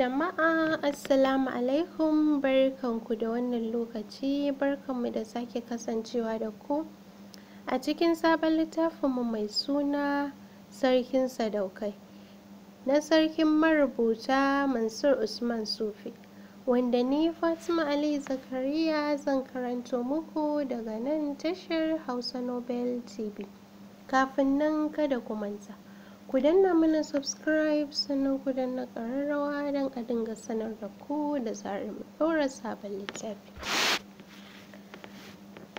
Jama'a Assalamu alaikum barkanku da wannan lokaci barkanmu da sake kasancewa da ku a cikin sabon littafinmu mai suna Sarkin Sadaukai na Sarkin marubuta Mansur Usman Sufi wanda ni Fatima Ali Zakariya zan karanto muku daga nan tashar Hausa Nobel TV kafin nan kada ku manta. ku danna mana subscribe sannan ku danna ƙararrawa don a dinga sanar da ku da zarar ɗaura sabon littafi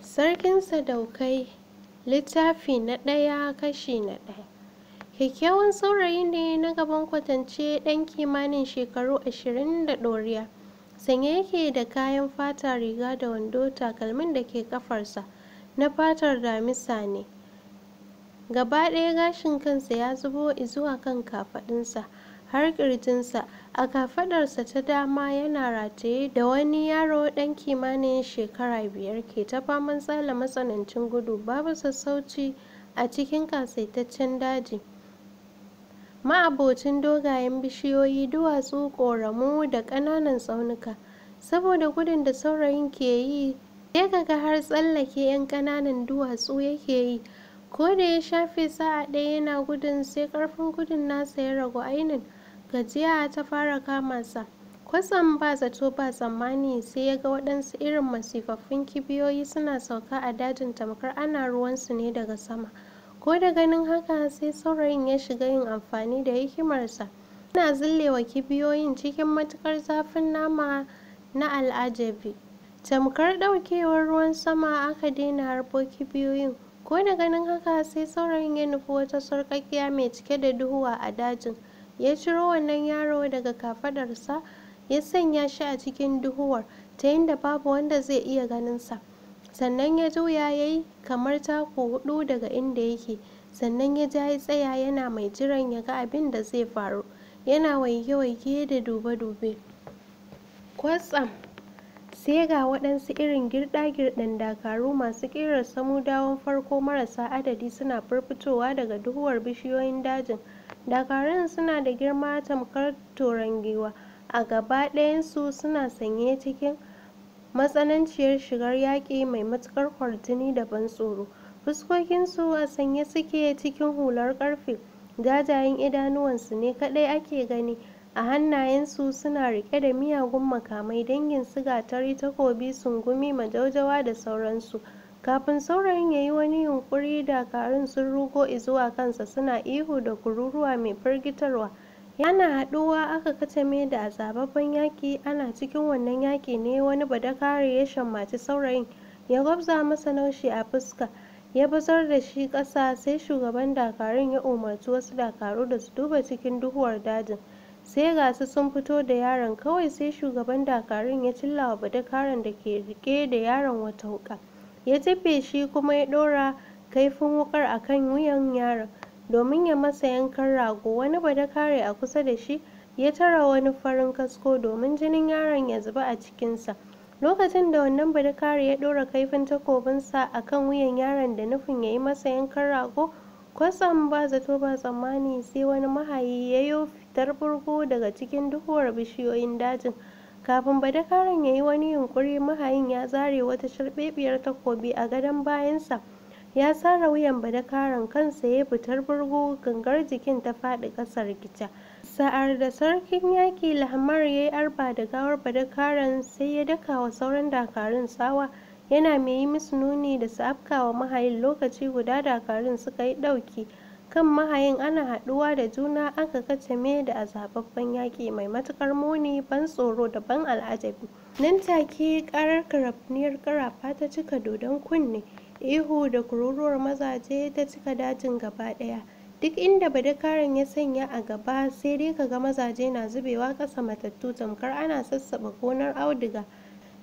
sarkin sadaukai littafi na ɗaya kashi na ɗaya kyakkyawan saurayi ne na gaban kwatance ɗan kimanin shekaru ashirin da ɗoriya sanye yake da kayan fata riga da wando takalmin da ke ƙafarsa na fatar damisa ne gaba ɗaya gashin kansa ya zubo izuwa kan kafaɗinsa har ƙirjinsa a kafaɗarsa ta dama yana rataye da wani yaro ɗan kimanin shekara biyar ke ta faman tsala matsanancin gudu babu sassauci a cikin kasaitaccen daji ma'abocin dogayen bishiyoyi duwatsu ƙoramu da ƙananan tsaunuka saboda gudun da saurayin ke yi sai kaga har tsallake 'yan ƙananan duwatsu yake yi ko da ya shafe sa'a ɗaya yana gudun sai ƙarfin gudun nasa ya ragu ainin gajiya ta fara kama sa kwatsam ba zato ba tsammani sai ya ga waɗansu irin masifaffin kibiyoyi suna sauka a dajin tamkar ana ruwansu ne daga sama ko da ganin haka sai saurayin ya shiga yin amfani da hikimarsa yana zillewa kibiyoyin cikin matukar zafin nama na al'ajabi tamkar ɗaukewar ruwan sama aka daina harbo kibiyoyin ko da ganin haka sai saurayin ya nufi wata sarƙaƙiya mai cike da duhuwa a dajin ya ciro wannan yaro daga kafadarsa ya sanya shi a cikin duhuwar ta yadda babu wanda zai iya ganin sa sannan ya juya ya yi kamar tako hudu daga inda yake sannan ya ja ya tsaya yana mai jiran ya ga abin da zai faru yana waige-waige da dube-dube kwatsam sai ga waɗansu irin girɗa-girɗin dakaru masu ƙirar dawon farko marasa adadi suna firfitowa daga duhuwar bishiyoyin dajin dakarun suna da girma tamkar turangewa a gaba ɗayansu suna sanye cikin matsananciyar shigar yaƙi mai matuƙar kwartini da ban tsoro fuskokinsu a sanye suke cikin hular ƙarfe jajayen idanuwansu ne kaɗai ake gani a hannayensu suna riƙe da miyagun makamai dangin su gatari takobi sungumi majaujawa da sauransu kafin saurayin ya yi wani yunkuri dakarun sun rugo izuwa kansa suna ihu da kururuwa mai firgitarwa yana haɗuwa aka katame da azababban yaƙi ana cikin wannan yaki ne wani badakare ya shammaci saurayin ya gwabza masa naushi a fuska ya bazar da shi ƙasa sai shugaban dakarun ya umarci wasu dakaru da su duba cikin duhuwar dajin sai ga su sun fito da yaron kawai sai shugaban dakarun ya cilla wa badakaran da ke rike da yaron wata wuka ya tafe shi kuma ya ɗora kaifin wukar akan kan wuyan yaron domin ya masa yankan rago wani badakare a kusa da shi ya tara wani farin kasko domin jinin yaron ya zuba a cikinsa lokacin da wannan badakare ya ɗora kaifin takobinsa a kan wuyan yaron da nufin ya yi masa yankan rago kwatsam ba zato ba tsammani sai wani mahayi ya yo fitar farko daga cikin duhuwar bishiyoyin dajin kafin badakaran ya yi wani yunƙuri, mahayin ya zare wata sharbebiyar takobi a gadon bayansa ya sare wuyan badakaran kansa ya fitar burgo gangar jikin ta faɗi ƙasar rikica sa'ar da sarkin yaƙi lahmar ya yi arba da gawar badakaran sai ya daka wa sauran dakarun tsawa yana mai yi musu nuni da su afkawa mahayin lokaci guda dakarun suka yi ɗauki kan mahayin ana haɗuwa da juna aka me da azababben yaƙi mai matukar muni ban tsoro da ban al'ajabi nan take ƙarar karafniyar ƙarafa ta cika dodon kunne ihu da kururuwar mazaje ta cika dajin gaba ɗaya duk inda badakaran ya sanya a gaba sai dai kaga mazaje na zubewa ƙasa matattu tamkar ana sassaɓa gonar auduga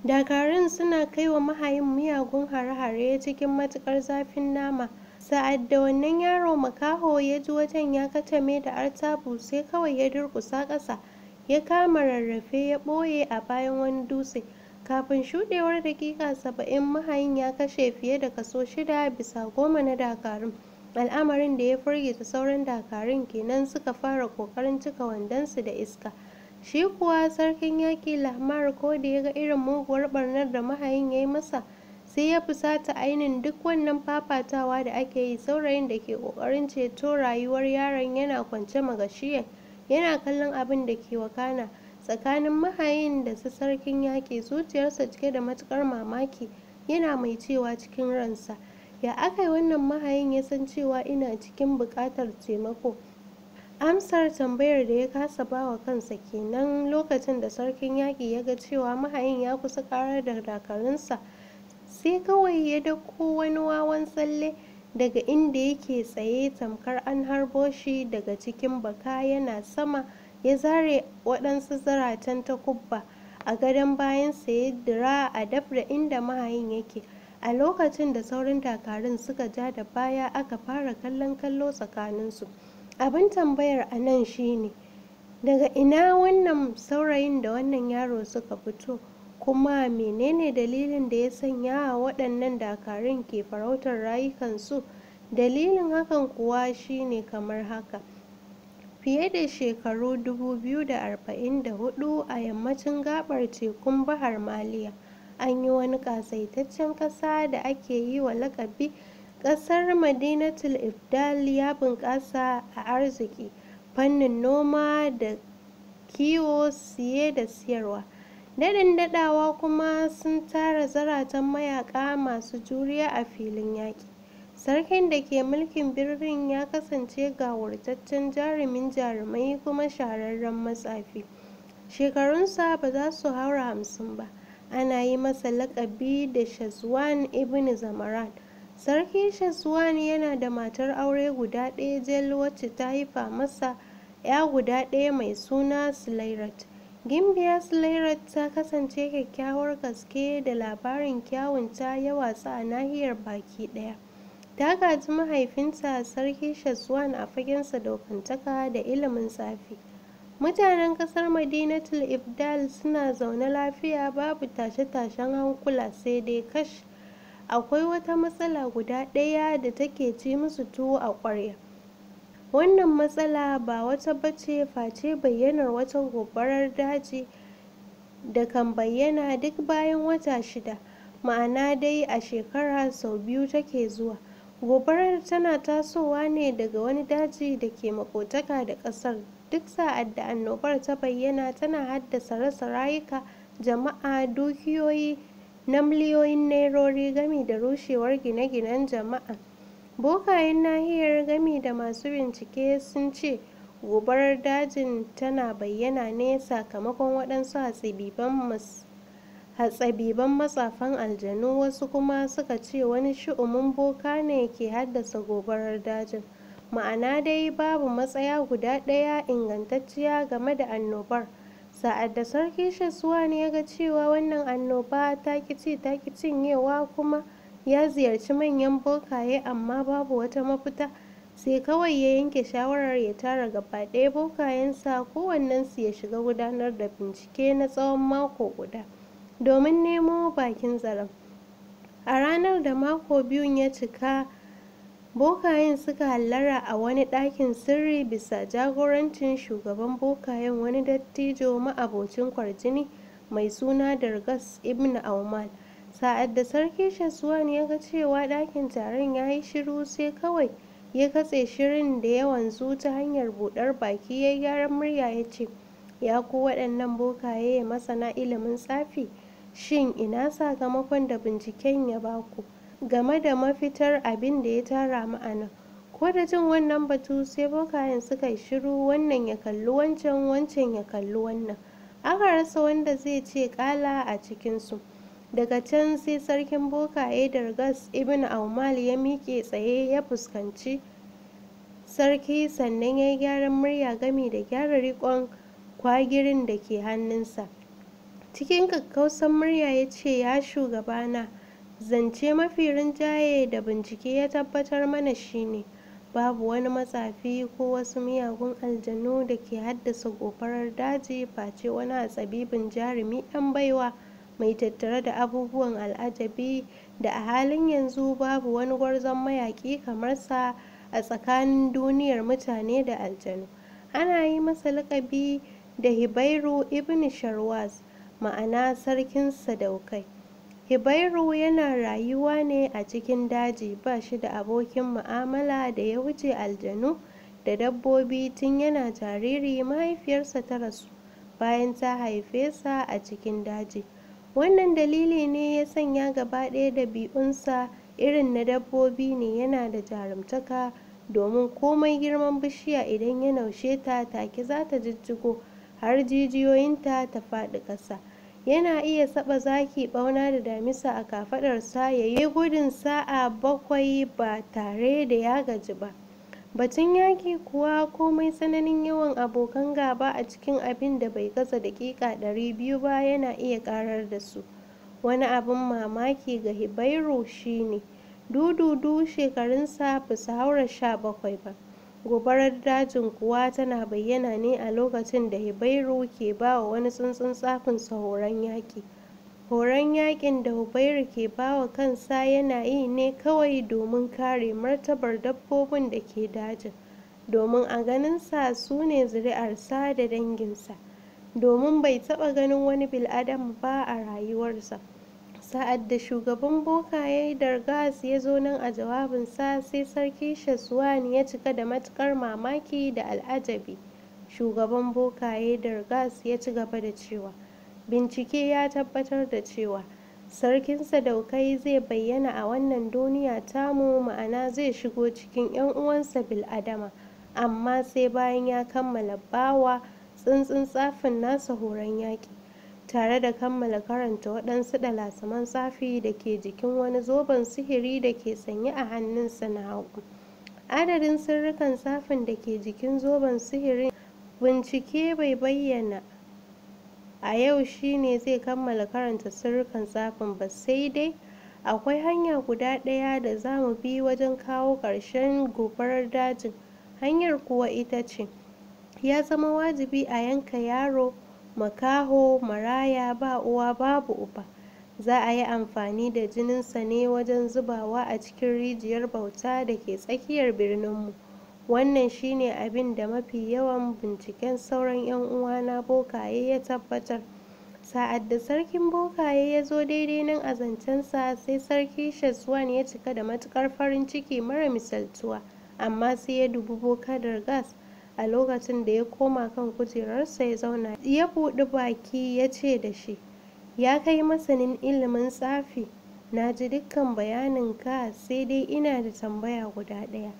dakarun suna kai wa mahayin miyagun hare-hare cikin matukar zafin nama sa'ad da wannan yaro makaho ya ji wajen ya katame da artabu sai kawai ya durkusa ƙasa ya kama rarrafe ya ɓoye a bayan wani dutse kafin shuɗewar dakika saba'in mahayin ya kashe fiye da kaso shida bisa goma na dakarun al'amarin da ya firgita sauran dakarun kenan suka fara kokarin cika wandonsu da iska shi kuwa sarkin yaƙi lahmar ko da ya ga irin muguwar barnar da mahayin ya yi masa sai ya fusata ainin duk wannan fafatawa da ake yi saurayin da ke ƙoƙarin ceto rayuwar yaron yana kwance magashiyan yana kallon abin da ke wakana tsakanin mahayin da su sarkin yaƙi zuciyarsa cike da matuƙar mamaki yana mai cewa cikin ransa ya aka yi wannan mahayin ya san cewa ina cikin buƙatar taimako amsar tambayar da ya kasa bawa kansa kenan lokacin da sarkin yaƙi ya ga cewa mahayin ya kusa karar da dakarunsa sai kawai ya dauko wani wawan tsalle daga inda yake tsaye tamkar an harbo shi daga cikin baka yana sama ya zare waɗansu zaratan kubba a gadon bayansa ya dira a daf da inda mahayin yake a lokacin da saurin dakarun suka ja da baya aka fara kallon kallo tsakaninsu. abin tambayar a nan shine daga ina wannan saurayin da wannan yaro suka fito kuma menene dalilin da ya sanya waɗannan dakarun ke farautar rayukansu dalilin hakan kuwa shine kamar haka fiye da shekaru 244 a yammacin gabar tekun bahar maliya an yi wani kasaitaccen ƙasa da ake yi wa lakabi Ƙasar Madinatul Ibdal ya bunƙasa a arziki, fannin noma da kiwo, siye da siyarwa. Daɗin daɗawa kuma sun tara zaratan mayaƙa masu juriya a filin yaƙi. Sarkin da ke mulkin birnin ya kasance gawurtaccen jarumin jarumai kuma shahararren matsafi. Shekarunsa ba za su haura hamsin ba. Ana yi masa laƙabi da Shazwan ibn Zamaran. Sarki Shaswani yana da matar aure guda ɗaya jel wacce ta haifa masa ya guda ɗaya mai suna Sulairat. Gimbiya Sulairat ta kasance kyakkyawar gaske da labarin kyawun ta ya watsa a nahiyar baki ɗaya. Ta gaji mahaifinta Sarki shaswan a fagen dokantaka da ilimin tsafi. Mutanen kasar Madinatul Ibdal suna zaune lafiya babu tashe-tashen hankula sai dai kashi. akwai wata matsala guda ɗaya da take ci musu tuwo a ƙwarya wannan matsala ba wata bace face bayyanar wata gobarar daji da kan bayyana duk bayan wata shida ma'ana dai a shekara sau biyu take zuwa gobarar tana tasowa ne daga wani daji da ke makotaka da ƙasar duk sa'ad da annobar ta bayyana tana haddasa rasa rayuka jama'a dukiyoyi na miliyoyin nairori gami da rushewar gine-ginen jama'a bokayen nahiyar gami da masu bincike sun ce gobarar dajin tana bayyana ne sakamakon waɗansu hatsabiban matsafan aljanu wasu kuma suka ce wani shi'umin boka ne ke haddasa gobarar dajin ma'ana dai babu matsaya guda ɗaya ingantacciya game da annobar sa'ad da sarki shasuwa ne ya ga cewa wannan annoba ta kici ta cinyewa kuma ya ziyarci manyan bokaye amma babu wata mafita sai kawai ya yanke shawarar ya tara gaba ɗaya bokayensa su ya shiga gudanar da bincike na tsawon mako guda domin nemo bakin zaren a ranar da mako biyun ya cika bokayen suka hallara a wani ɗakin sirri bisa jagorancin shugaban bokayen wani dattijo ma'abocin kwarjini mai suna dargas ibn aumal sa'ad da sarki shaswan ya ga cewa ɗakin taron ya yi shiru sai kawai ya katse shirin da yawan zu ta hanyar buɗar baki ya gyaran murya ya ce ya ku waɗannan bokaye masana ilimin tsafi shin ina sakamakon da binciken ya baku game da mafitar abin da ya tara ma'ana. ko da jin wannan batu sai bokayen suka yi shiru wannan ya kalli wancan wancan ya kalli wannan aka rasa wanda zai ce kala a cikinsu daga can sai sarkin bokaye da gas ibn aumal ya miƙe tsaye ya fuskanci sarki sannan ya yi gyaran murya gami da gyara rikon kwagirin da ke hannunsa cikin kakkausan murya ya ce ya shugabana zance mafi rinjaye da bincike ya tabbatar mana shine babu wani matsafi ko wasu miyagun aljanu da ke haddasa gofarar daji face wani hatsabibin jarumi ɗan baiwa mai tattare da abubuwan al'ajabi da a halin yanzu babu wani gwarzon mayaƙi kamar sa a tsakanin duniyar mutane da aljanu ana yi masa lakabi da hibairu ibn sharwas ma'ana sarkin sadaukai Hibairu yana rayuwa ne a cikin daji, ba shi da abokin mu'amala da ya wuce aljanu da dabbobi tun yana jariri mahaifiyarsa ta rasu bayan ta haife sa a cikin daji. Wannan dalili ne ya sanya gaba ɗaya ɗabi'unsa irin na dabbobi ne yana da jarumtaka domin komai girman bishiya idan ya naushe ta take za ta jijjigo har jijiyoyinta ta faɗi ƙasa. yana iya saba zaki bauna da damisa a kafadarsa ya yi gudun sa'a bakwai ba tare da ya gaji ba batun yaki kuwa komai tsananin yawan abokan gaba a cikin abin da bai gaza dakika 200 ba yana iya karar da su wani abin mamaki ga hibairu shine dududu shekarunsa bisa su sha bakwai ba gobarar dajin kuwa tana bayyana ne a lokacin da hibairu ke ba wa wani tsuntsun tsafinsa horon yaƙi horon yaƙin da hubairu ke ba wa kansa yana yi ne kawai domin kare martabar dabbobin da ke dajin domin a ganinsa su ne zuri'arsa da danginsa domin bai taɓa ganin wani bil'adam ba a rayuwarsa sa'ad da shugaban bokaye dargaz ya zo nan a jawabinsa sai sarki shaswan ya cika da matukar mamaki da al'ajabi shugaban bokaye dargaz ya ci gaba da cewa bincike ya tabbatar da cewa sarkin sadaukai zai bayyana a wannan duniya tamu ma'ana zai shigo cikin 'yan uwansa bil'adama amma sai bayan ya kammala bawa tsuntsun tsafin nasa horon yaƙi tare da kammala karanta waɗansu dalasaman tsafi da ke jikin wani zoben sihiri da ke sanye a hannunsa na hagu adadin sirrikan tsafin da ke jikin zoben sihirin bincike bai bayyana a yau shine zai kammala karanta sirrikan tsafin ba sai dai akwai hanya guda ɗaya da za mu bi wajen kawo ƙarshen gobarar dajin hanyar kuwa ita ce ya zama wajibi a yanka yaro makaho maraya ba uwa babu uba za a yi amfani da jininsa ne wajen zubawa a cikin rijiyar bauta da ke tsakiyar birninmu wannan shi ne abin da mafi yawan binciken sauran 'yan uwana bokaye ya tabbatar sa'ad da sarkin bokaye ya zo daidai nan a zancensa sai sarki shazwan ya cika da matukar farin ciki mara misaltuwa amma sai ya dubi bokadar gas a lokacin da ya koma kan kujerarsa ya zauna ya buɗi baki ya ce da shi ya kai masanin ilimin tsafi na ji dukkan bayanin ka sai dai ina da tambaya guda ɗaya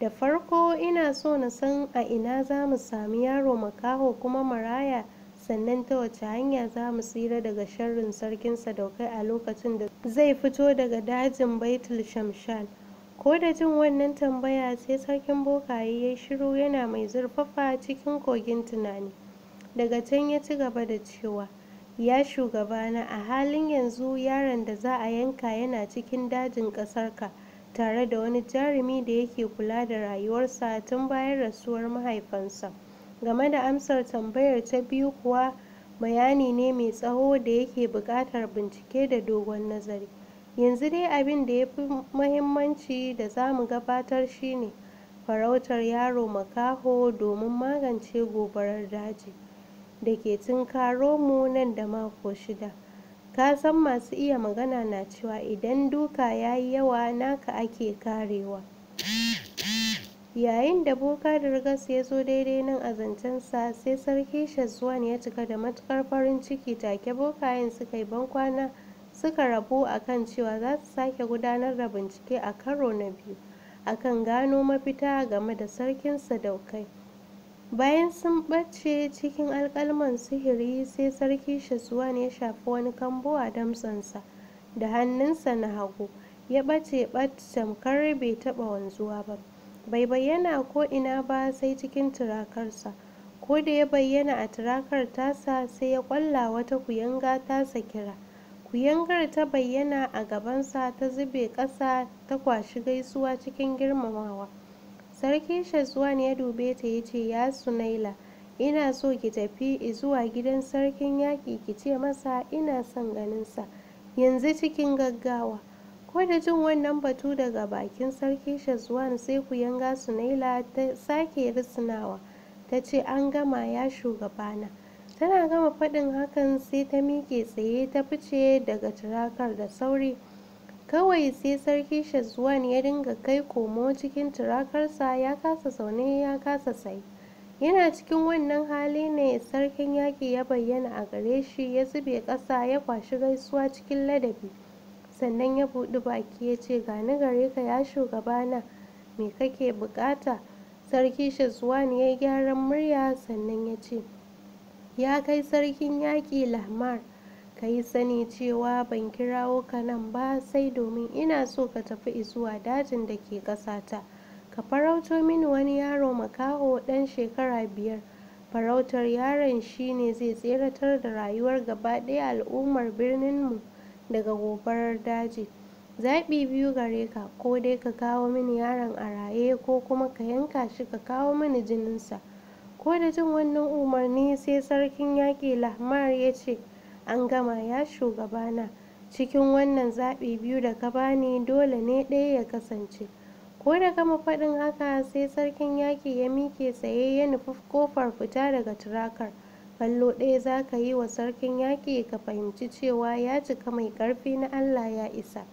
da farko ina so na san a ina za mu sami yaro makaho kuma maraya sannan ta wace hanya za mu tsira daga sharrin sarkin sadaukai a lokacin da zai fito daga dajin baitul shamshan ko da jin wannan tambaya sai sarkin bokaye ya shiru yana mai zurfafa cikin kogin tunani daga can ya ci gaba da cewa ya shugabana a halin yanzu yaron da za a yanka yana cikin dajin ƙasarka tare da wani jarumi da yake kula da rayuwarsa tun bayan rasuwar mahaifansa game da amsar tambayar ta biyu kuwa bayani ne mai tsawo da yake buƙatar bincike da dogon nazari yanzu dai abin da ya fi muhimmanci da za mu gabatar shine farautar yaro makaho domin magance gobarar daji da ke tunkaro mu nan da mako shida ka san masu iya magana na cewa idan duka ya yi yawa naka ake karewa yayin da boka da rigas ya zo daidai nan a zancensa sai sarki shazwan ya cika da matukar farin ciki take bokayen suka yi bankwana kwana suka rabu a kan cewa za su sake gudanar da bincike a karo na biyu a kan gano mafita game da sarkin sadaukai bayan sun ɓace cikin alkalman sihiri sai sarki shasuwan ya shafi wani kambo a damsansa, da hannunsa na hagu ya ɓace bat tamkar bai taɓa wanzuwa ba bai bayyana ko ina ba sai cikin turakarsa ko da ya bayyana a turakar tasa sai ya kwalla wata kuyanga tasa kira kuyangar ta bayyana a gabansa ta zube ƙasa ta kwashi gaisuwa cikin girmamawa sarki shazwan ya dube ta ya ce ya sunaila ina so ki tafi zuwa gidan sarkin yaƙi ki ce masa ina son ganinsa yanzu cikin gaggawa ko da jin wannan batu daga bakin sarki shazwan sai kuyanga sunaila ta sake risinawa ta ce an gama ya shugabana tana gama faɗin hakan sai ta miƙe tsaye ta fice daga turakar da sauri kawai sai sarki shazwan ya dinga kai komo cikin turakarsa ya kasa zaune ya kasa sai yana cikin wannan hali ne sarkin yaƙi ya bayyana a gare shi ya zube ƙasa ya kwashi gaisuwa cikin ladabi sannan ya buɗi baki ya ce gani gare ka ya shugabana me kake buƙata sarki shazwan ya yi gyaran murya sannan ya ce ya kai sarkin yaƙi lahmar ka yi sani cewa ban kirawo ka nan ba sai domin ina so ka tafi zuwa dajin da ke ƙasata ka farauto mini wani yaro makaho ɗan shekara biyar farautar yaron shi ne zai tseratar da rayuwar gaba ɗaya al'ummar birninmu daga gobarar daji zaɓi biyu gare ka ko dai ka kawo mini yaron a raye ko kuma ka yanka shi ka kawo mini jininsa ko da jin wannan umarni sai sarkin yaƙi lahmar ya ce an gama ya shugabana cikin wannan zaɓi biyu da ka bani dole ne ɗaya ya kasance ko da gama faɗin haka sai sarkin yaƙi ya miƙe tsaye ya nufi ƙofar fita daga turakar kallo ɗaya za ka yi wa sarkin yaƙi ka fahimci cewa ya cika mai ƙarfi na allah ya isa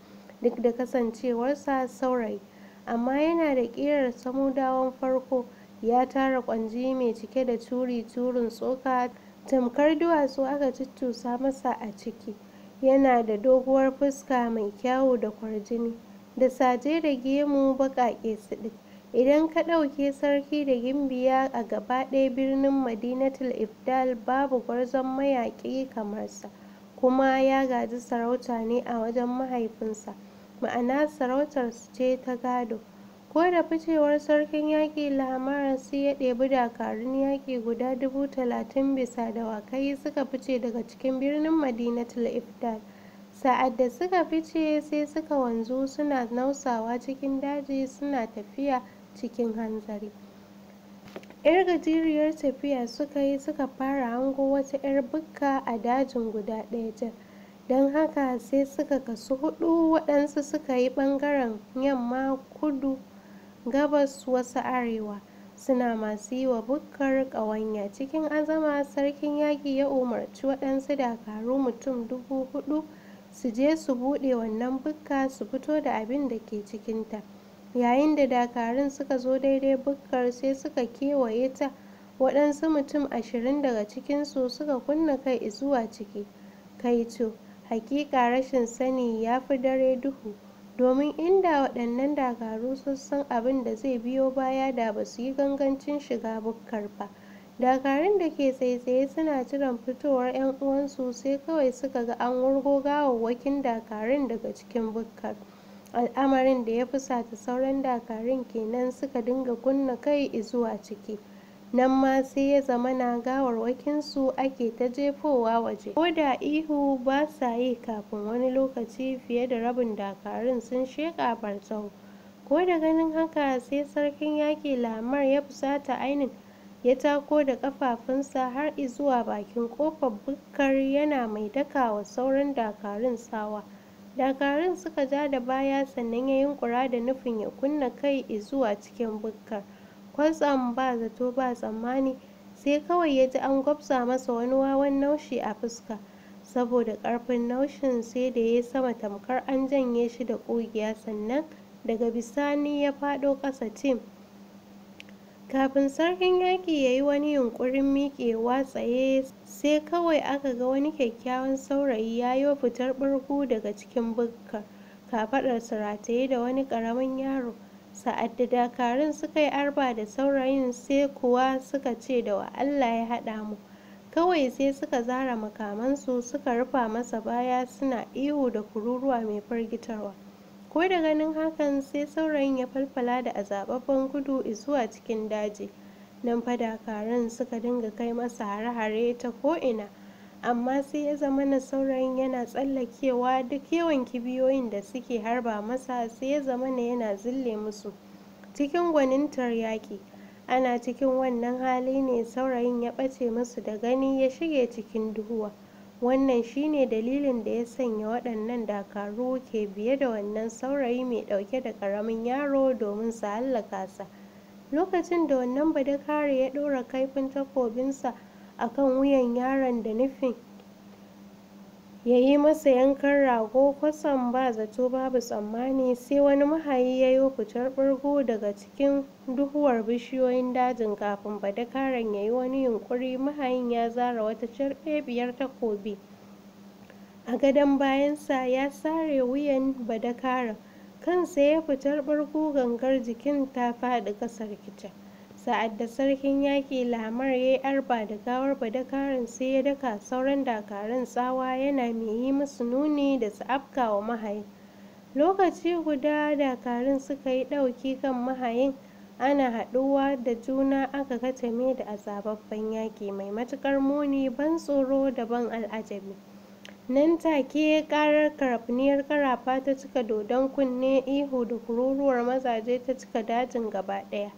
duk da kasancewarsa saurayi amma yana da ƙirar samudawan farko ya tara kwanji mai cike da turi-turin tsoka tamkar duwatsu aka cuttusa masa a ciki yana da doguwar fuska mai kyawu da kwarjini da saje da gemu baƙaƙe siɗi idan ka ɗauke sarki da gimbiya a gaba ɗaya birnin madinatul ifdal babu gwarzon mayaƙi kamar sa kuma ya gaji sarauta ne a wajen mahaifinsa ma'ana sarautar su ce ta gado ko da ficewar sarkin yaƙi sai ya ɗebi dakarun yaƙi guda dubu talatin bisa dawakai suka fice daga cikin birnin madinatul iftar sa'ad da suka fice sai suka wanzu suna nausawa cikin daji suna tafiya cikin hanzari yar gajeriyar tafiya suka yi suka fara hango wata yar bukka a dajin guda ɗaya jan don haka sai suka kasu hudu waɗansu suka yi ɓangaren yamma kudu gabas wasu arewa suna masu yi wa bukkar ƙawanya cikin azama sarkin yaƙi ya umarci waɗansu dakaru mutum dubu hudu su je su buɗe wannan bukka su fito da abin da ke cikinta yayin da dakarun suka zo daidai bukkar sai suka kewaye ta waɗansu mutum ashirin daga cikinsu suka kunna kai zuwa ciki kaito hakika rashin sani ya fi dare duhu domin inda waɗannan dakaru sun san abin da zai biyo baya da ba su yi gangancin shiga bukkar ba dakarun da ke tsaitsaye suna jiran fitowar 'yan uwansu sai kawai suka ga an wurgo gawawwakin dakarun daga cikin bukkar al'amarin da ya fusata sauran dakarun kenan suka dinga kunna kai izuwa ciki nan ma sai ya zama na gawarwakinsu ake ta jefowa waje ko da ihu ba sa yi kafin wani lokaci fiye da rabin dakarun sun sheƙa bartau ko da ganin haka sai sarkin yaki lamar ya fusata ainin ya tako da ƙafafunsa har izuwa bakin ƙofar bukkar yana mai dakawa sauran dakarun sawa dakarun suka ja da baya sannan ya yunkura da nufin ya kunna kai izuwa cikin bukkar kwatsam ba zato ba tsammani sai kawai ya ji an gwabza masa wani wawan naushi a fuska saboda ƙarfin naushin sai da ya sama tamkar an janye shi da ƙugiya sannan daga bisani ya faɗo ƙasa tim kafin sarkin yaƙi ya yi wani yunƙurin miƙewa tsaye sai kawai aka ga wani kyakkyawan saurayi ya yi fitar ɓurgu daga cikin bukka kafaɗarsa rataye da wani ƙaramin yaro sa'ad da dakarun suka yi arba da saurayin sai kuwa suka ce da wa Allah ya haɗa mu kawai sai suka zara makamansu suka rufa masa baya suna ihu da kururuwa mai firgitarwa ko da ganin hakan sai saurayin ya falfala da azababban gudu zuwa cikin daji nan fa dakarun suka dinga kai masa hare-hare ta ko'ina amma sai ya zama na saurayin yana tsallakewa duk yawan kibiyoyin da suke harba masa sai ya zama na yana zille musu cikin gwanintar yaƙi ana cikin wannan hali ne saurayin ya ɓace musu da gani ya shige cikin duhuwa wannan shine dalilin da ya sanya waɗannan dakaru ke biye da wannan saurayi mai ɗauke da ƙaramin yaro domin su hallaka sa lokacin da wannan badakare ya ɗora kaifin takobinsa akan wuyan yaron da nufin ya yi masa yankan rago kwasan ba zato babu tsammani sai wani mahayi ya yi fitar ɓargo daga cikin duhuwar bishiyoyin dajin kafin badakaran ya yi wani yunƙuri mahayin ya zara wata biyar takobi a gadon bayansa ya sare wuyan badakaran kansa ya fitar burgu gangar jikin ta faɗi ƙasar kicin sa'ad da sarkin yaƙi lamar ya yi arba da gawar badakarin sai ya daka sauran dakarun tsawa yana mai yi musu nuni da su afka wa mahayin lokaci guda dakarun suka yi ɗauki kan mahayin ana haɗuwa da juna aka katame da azababban yaƙi mai matuƙar muni ban tsoro da ban al'ajabi nan take ƙarar karafniyar karafa ta cika dodon kunne ihu da kururuwar mazaje ta cika dajin gaba ɗaya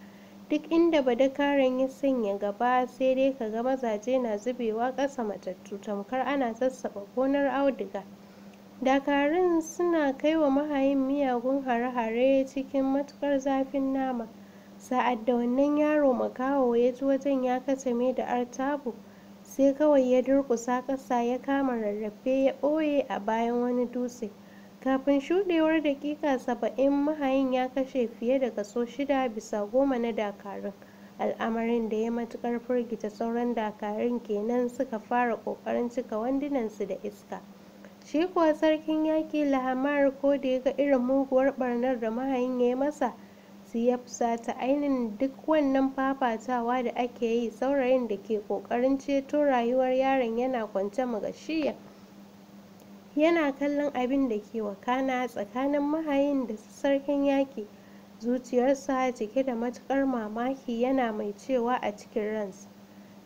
duk inda badakaran ya sanya gaba sai dai ka ga mazaje na zubewa ƙasa matattu tamkar ana sassaɓa gonar auduga dakarun suna kai wa mahayin miyagun hare-hare cikin matukar zafin nama sa'ad da wannan yaro makaho ya ji wajen ya katame da artabu sai kawai ya durƙusa ƙasa ya kama rarrafe ya ɓoye a bayan wani dutse Kafin shuɗewar dakika saba'in mahayin ya kashe fiye da kaso shida bisa goma na dakarun. Al'amarin da ya matuƙar firgita sauran dakarun kenan suka fara ƙoƙarin cika wandunansu da iska. Shi kuwa sarkin yaƙi Lahamar ko da ya ga irin muguwar ɓarnar da mahayin ya yi masa, siyafsa ta ainihin duk wannan fafatawa da ake yi saurayin da ke ƙoƙarin ceto rayuwar yaron yana kwance magashiya. yana kallon abin da ke wakana tsakanin mahayin da sarkin yaki zuciyarsa cike da matukar mamaki yana mai cewa a cikin ransa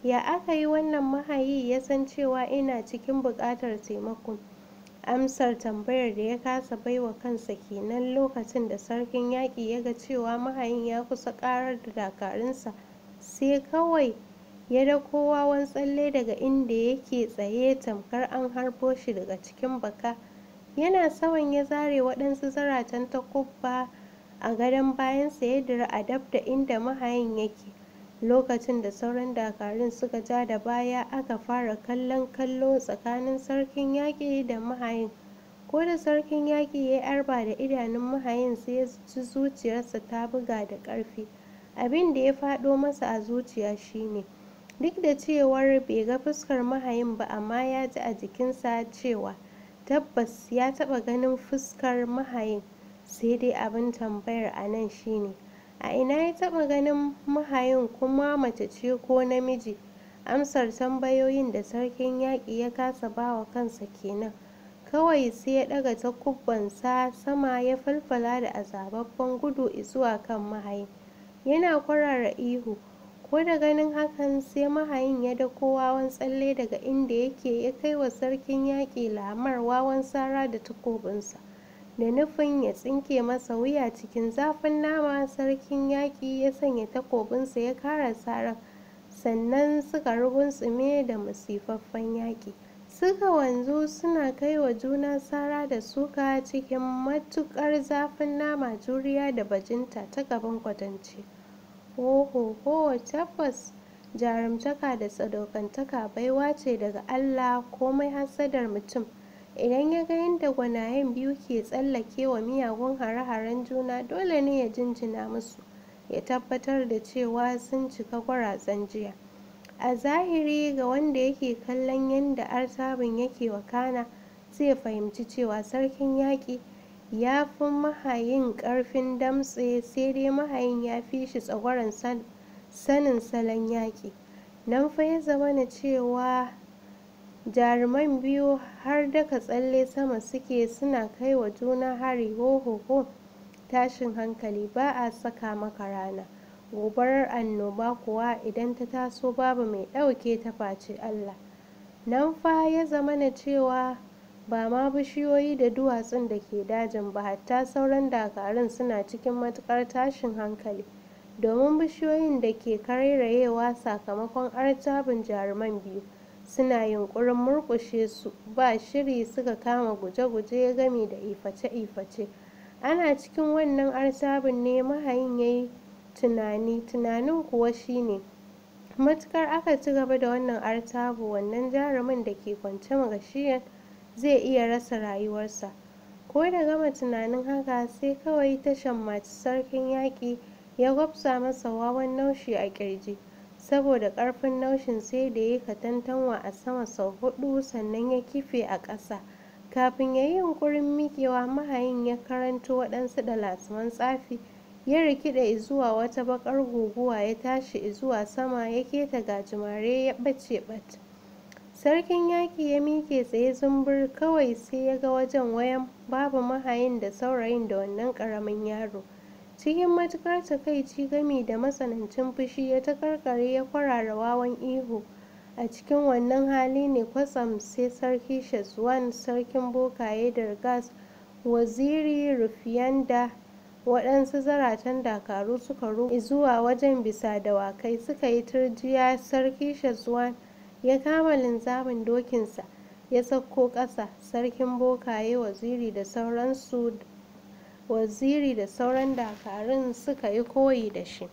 ya aka yi wannan mahayi ya san cewa ina cikin buƙatar taimakon amsar tambayar da ya kasa baiwa kansa kenan lokacin da sarkin yaƙi ya ga cewa mahayin ya kusa ƙarar da dakarunsa sai kawai ya da wawan tsalle daga inda yake tsaye tamkar an harbo shi daga cikin baka yana sawan ya zare waɗansu zaratan takubba a gadon bayansa ya dira a dab da inda mahayin yake lokacin da sauran dakarun suka ja da baya aka fara kallon kallo tsakanin sarkin yaƙi da mahayin ko da sarkin yaƙi ya yi arba da idanun mahayin sai ya ci zuciyarsa ta buga da ƙarfi abin da ya faɗo masa a zuciya shine duk da cewar bai ga fuskar mahayin ba amma ya ji a jikinsa cewa tabbas ya taɓa ganin fuskar mahayin sai dai abin tambayar a nan shine a ina ya taba ganin mahayin kuma mace ce ko namiji amsar tambayoyin da sarkin yaƙi ya kasa bawa kansa kenan kawai sai ya ɗaga takubbansa sama ya falfala da azababban gudu zuwa kan mahayin yana kwarara ihu ko ganin hakan sai mahayin ya da kowa wawan tsalle daga inda yake ya kai wa sarkin yaƙi lamar wawan sara da takobinsa da nufin ya tsinke masa wuya cikin zafin nama sarkin yaƙi ya sanya takobinsa ya kara tsara sannan suka tsime da masifaffen yaƙi suka wanzu suna kai wa juna sara da suka cikin matuƙar zafin nama juriya da bajinta ta gaban kwatance. Ho-ho-ho! tabbas jarumtaka da tsadokantaka baiwa ce daga Allah komai hasadar mutum. Idan ya ga yadda gwanayen biyu ke tsallake wa miyagun hare-haren juna dole ne ya jinjina musu, ya tabbatar da cewa sun cika kwarazan jiya. A zahiri ga wanda yake kallon yadda artabin yake wakana zai fahimci cewa sarkin yaƙi ya fi mahayin ƙarfin damtse sai dai mahayin ya fi shi tsagwaron sanin salon yaƙi nan fa ya zama na cewa jaruman biyu har daga tsalle sama suke suna kai wa juna hari ho tashin hankali ba a saka maka rana gobarar annoba kuwa idan ta taso babu mai ɗauke ta face allah nan fa ya zama na cewa ba ma bishiyoyi da duwatsun da ke dajin ba hatta sauran dakarun suna cikin matukar tashin hankali domin bishiyoyin da ke karairayewa sakamakon artabin jaruman biyu suna yunkurin murkushe su ba shiri suka kama guje-guje gami da iface-iface ana cikin wannan artabin ne mahayin ya yi tunani tunanin kuwa shine matukar aka ci gaba da wannan artabu wannan jarumin da ke kwance magashiyar zai iya rasa rayuwarsa ko da gama tunanin haka sai kawai tashan mace sarkin yaƙi ya gwabsa masa wawan naushi a ƙirji saboda ƙarfin naushin sai da ya katantanwa a sama sau hudu sannan ya kife a ƙasa kafin ya yi yunƙurin miƙewa mahayin ya karanto waɗansu dalasuman tsafi ya rikida izuwa wata baƙar guguwa ya tashi izuwa sama ya keta gajimare ya ɓace ɓat sarkin yaƙi ya miƙe tsaye zumbur kawai sai ya ga wajen wayan babu mahayin da saurayin da wannan ƙaramin yaro cikin matuƙar takaici gami da matsanancin fushi ya ta karkare ya kwarara wawan ihu a cikin wannan hali ne kwatsam sai sarki shazwan sarkin bokaye da gas waziri rufiyan da waɗansu zaratan dakaru suka rufe zuwa wajen bisa dawakai suka yi turjiya sarki shazwan ya kama linzamin dokinsa ya sauko ƙasa sarkin bokaye waziri da sauransu waziri da sauran dakarun suka yi koyi da shi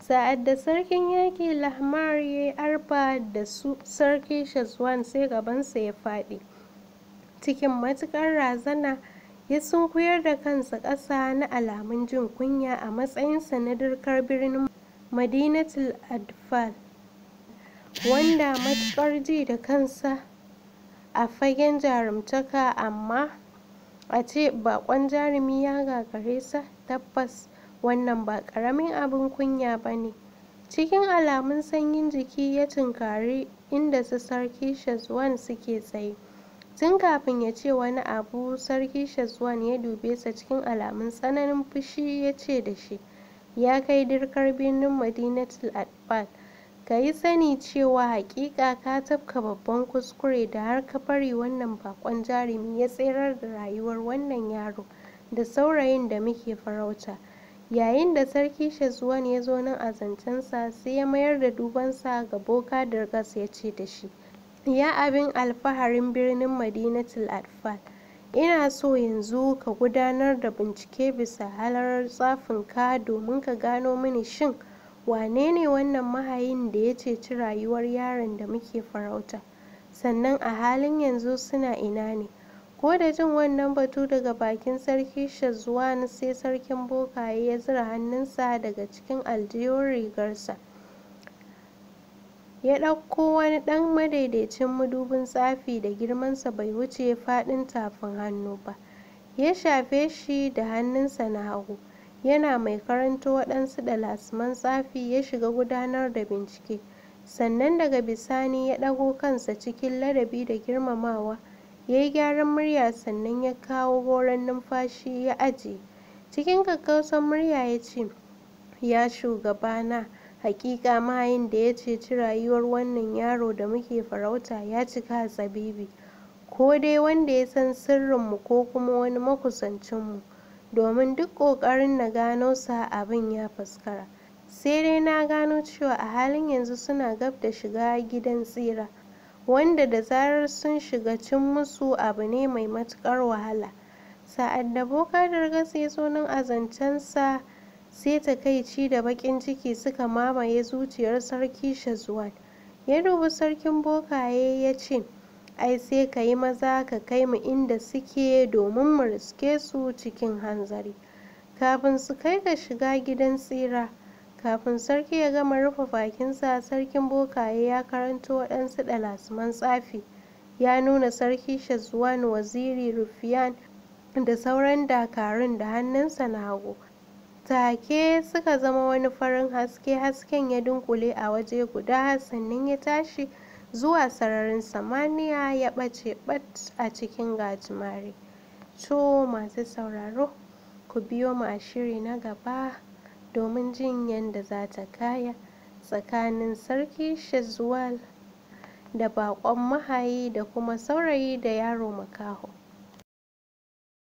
sa'ad da sarkin yaki lahmar ya yi arba da su sarki shazwan sai gabansa ya faɗi cikin matukar razana ya sunkuyar da kansa ƙasa na alamun jin kunya a matsayinsa na dirkar birnin madinatul adfal wanda matuƙar ji da kansa a fagen jarumtaka amma a ce bakon jarumi ya gagare sa tabbas wannan ba ƙaramin abin kunya ba ne cikin alamun sanyin jiki ya tunkari inda su sarki shazwan suke tsaye tun kafin ya ce wani abu sarki shazwan ya dube sa cikin alamun tsananin fushi ya ce da shi ya kai dirkar birnin madinatul adbal ka yi sani cewa haƙiƙa ka tafka babban kuskure da har ka bari wannan baƙon jarumi ya tserar da rayuwar wannan yaro da saurayin da muke farauta yayin da sarki shazuwan ya zo nan a zancensa sai ya mayar da dubansa ga boka Gas ya ce da shi ya abin alfaharin birnin madinatul atfal ina so yanzu ka gudanar da bincike bisa halar ka domin ka gano mini shin wanene wannan mahayin da ya ceci rayuwar yaron da muke farauta sannan a halin yanzu suna ina ne ko da jin wannan batu daga bakin sarki shazwan sai sarkin bokaye ya zura hannunsa daga cikin aljihun rigarsa ya ɗauko wani ɗan madaidaicin madubin tsafi da girmansa bai wuce faɗin tafin hannu ba ya shafe shi da hannunsa na hagu yana mai karanto waɗansu dalasiman tsafi ya shiga gudanar da bincike sannan daga bisani ya ɗago kansa cikin ladabi da girmamawa ya yi gyaran murya sannan ya kawo goron numfashi ya ajiye cikin gaggausan murya ya ce ya shugabana hakika mahayin da ya ceci rayuwar wannan yaro da muke farauta ya cika tsabibi ko dai wanda ya san sirrinmu ko kuma wani makusancinmu domin duk ƙoƙarin na gano sa abin ya faskara. Sai dai na gano cewa a halin yanzu suna gab da shiga gidan tsira, wanda da zarar sun shiga cin musu abu ne mai matuƙar wahala. Sa'ad da Boka da ya zo nan a zancensa, sai takaici da baƙin ciki suka mamaye zuciyar Sarki Shazwan. Ya dubi Sarkin Bokaye ya ce, ai sai ka yi maza ka kai mu inda suke domin mu riske su cikin hanzari kafin su kai ka shiga gidan tsira kafin sarki ya gama rufe bakinsa sarkin bokaye ya karanto waɗansu ɗalasman tsafi ya nuna sarki shazwan waziri rufiyan da sauran dakarun da hannunsa na hagu take suka zama wani farin haske hasken ya dunkule a waje guda sannan ya tashi zuwa sararin samaniya ya ɓace ɓat a cikin gajimare to masu sauraro ku biyo mu a shiri na gaba domin jin yadda za ta kaya tsakanin sarki shizuwal da bakon mahayi da kuma saurayi da yaro makaho